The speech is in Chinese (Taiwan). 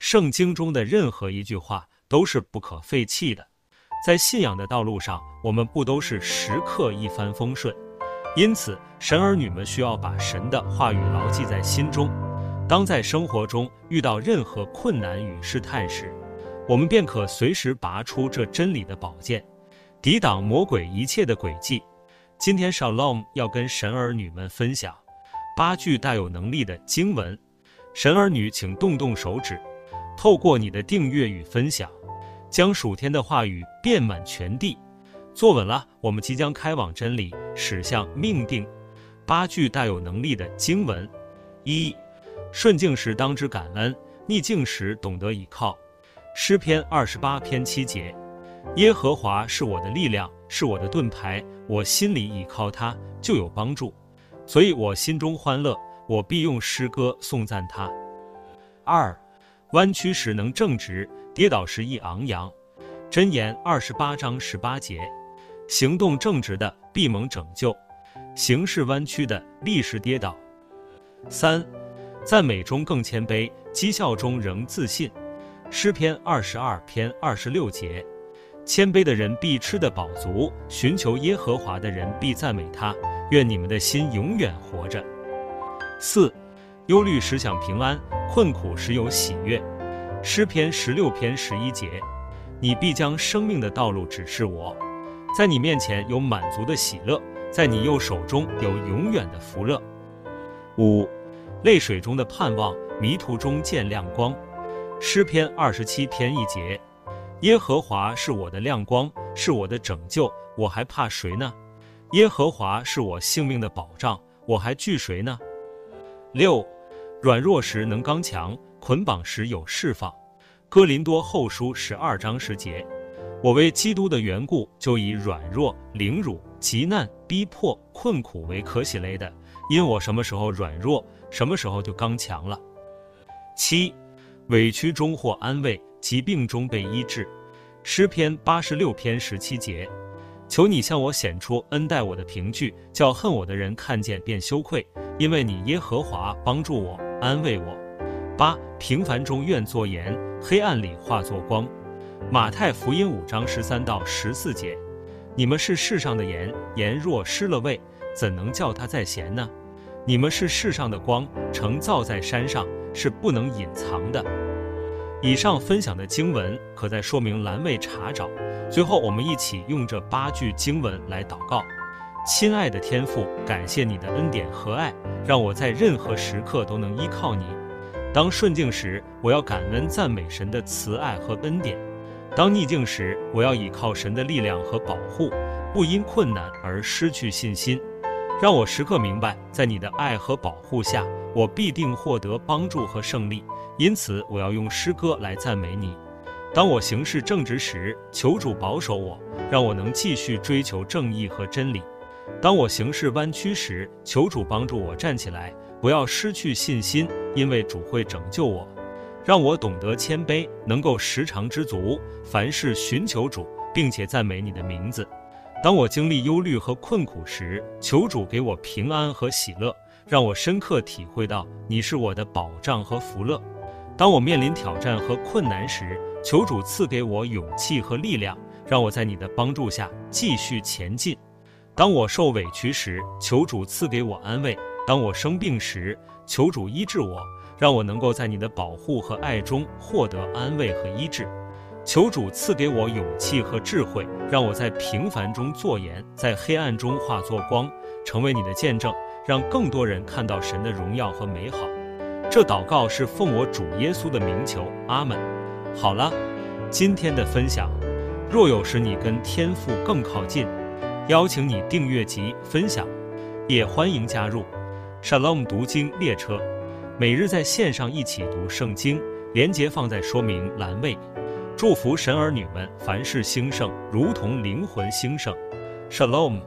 聖經中的任何一句話都是不可廢棄的，在信仰的道路上，我們不都是時刻一帆風順？因此，神兒女們需要把神的話語牢記在心中。當在生活中遇到任何困難與試探時，我們便可隨時拔出這真理的寶劍，抵擋魔鬼一切的詭計。今天，Shalom 要跟神兒女們分享八句大有能力的經文。神兒女，請動動手指。透過你的訂閱與分享，將屬天的話語遍滿全地。坐穩了，我們即將開往真理，駛向命定。八句大有能力的經文：一、順境時當知感恩，逆境時懂得倚靠。詩篇二十八篇七節：耶和華是我的力量，是我的盾牌，我心裡倚靠他，就有幫助，所以我心中歡樂，我必用詩歌頌讚他。二。彎曲時能正直，跌倒時亦昂揚。箴言二十八章十八節，行動正直的必蒙拯救，行事彎曲的立時跌倒。三，讚美中更謙卑，譏笑中仍自信。詩篇二十二篇二十六節，謙卑的人必吃得飽足，尋求耶和華的人必讚美他。願你們的心永遠活着。四。憂慮時享平安，困苦時有喜悅。詩篇十六篇十一節，你必將生命的道路指示我，在你面前有滿足的喜樂，在你右手中有永遠的福樂。五，淚水中得盼望，迷途中見亮光。詩篇二十七篇一節，耶和華是我的亮光，是我的拯救，我還怕誰呢？耶和華是我性命的保障，我還懼誰呢？六。軟弱時能剛強，捆綁時有釋放。哥林多後書十二章十節：我為基督的緣故，就以軟弱、凌辱、急難、逼迫、困苦為可喜樂的，因我什麼時候軟弱，什麼時候就剛強了。七，委屈中獲安慰，疾病中被醫治。詩篇八十六篇十七節：求你向我顯出恩待我的憑據，叫恨我的人看見便羞愧，因為你耶和華幫助我。安慰我。八、平凡中願做鹽，黑暗裡化作光。馬太福音五章十三到十四節：你們是世上的鹽，鹽若失了味，怎能叫它再鹹呢？你們是世上的光，城造在山上，是不能隱藏的。以上分享的經文可在說明欄位查找。最後，我們一起用這八句經文來禱告。親愛的天父，感謝你的恩典和愛，讓我在任何時刻都能依靠你。當順境時，我要感恩讚美神的慈愛和恩典；當逆境時，我要依靠神的力量和保護，不因困難而失去信心。讓我時刻明白，在你的愛和保護下，我必定獲得幫助和勝利。因此，我要用詩歌來讚美你。當我行事正直時，求主保守我，讓我能繼續追求正義和真理。當我行事彎曲時，求主幫助我站起來，不要失去信心，因為主會拯救我。讓我懂得謙卑，能夠時常知足，凡事尋求主，並且讚美你的名字。當我經歷憂慮和困苦時，求主給我平安和喜樂，讓我深刻體會到你是我的保障和福樂。當我面臨挑戰和困難時，求主賜給我勇氣和力量，讓我在你的幫助下繼續前進。當我受委屈時，求主賜給我安慰；當我生病時，求主醫治我，讓我能夠在你的保護和愛中獲得安慰和醫治。求主賜給我勇氣和智慧，讓我在平凡中做鹽，在黑暗中化作光，成為你的見證，讓更多人看到神的榮耀和美好。這禱告是奉我主耶穌的名求，阿門。好了，今天的分享，若有時你跟天父更靠近。邀請你訂閱及分享，也歡迎加入 Shalom 讀經列車，每日在線上一起讀聖經。連結放在說明欄位。祝福神兒女們凡事興盛，如同靈魂興盛。Shalom。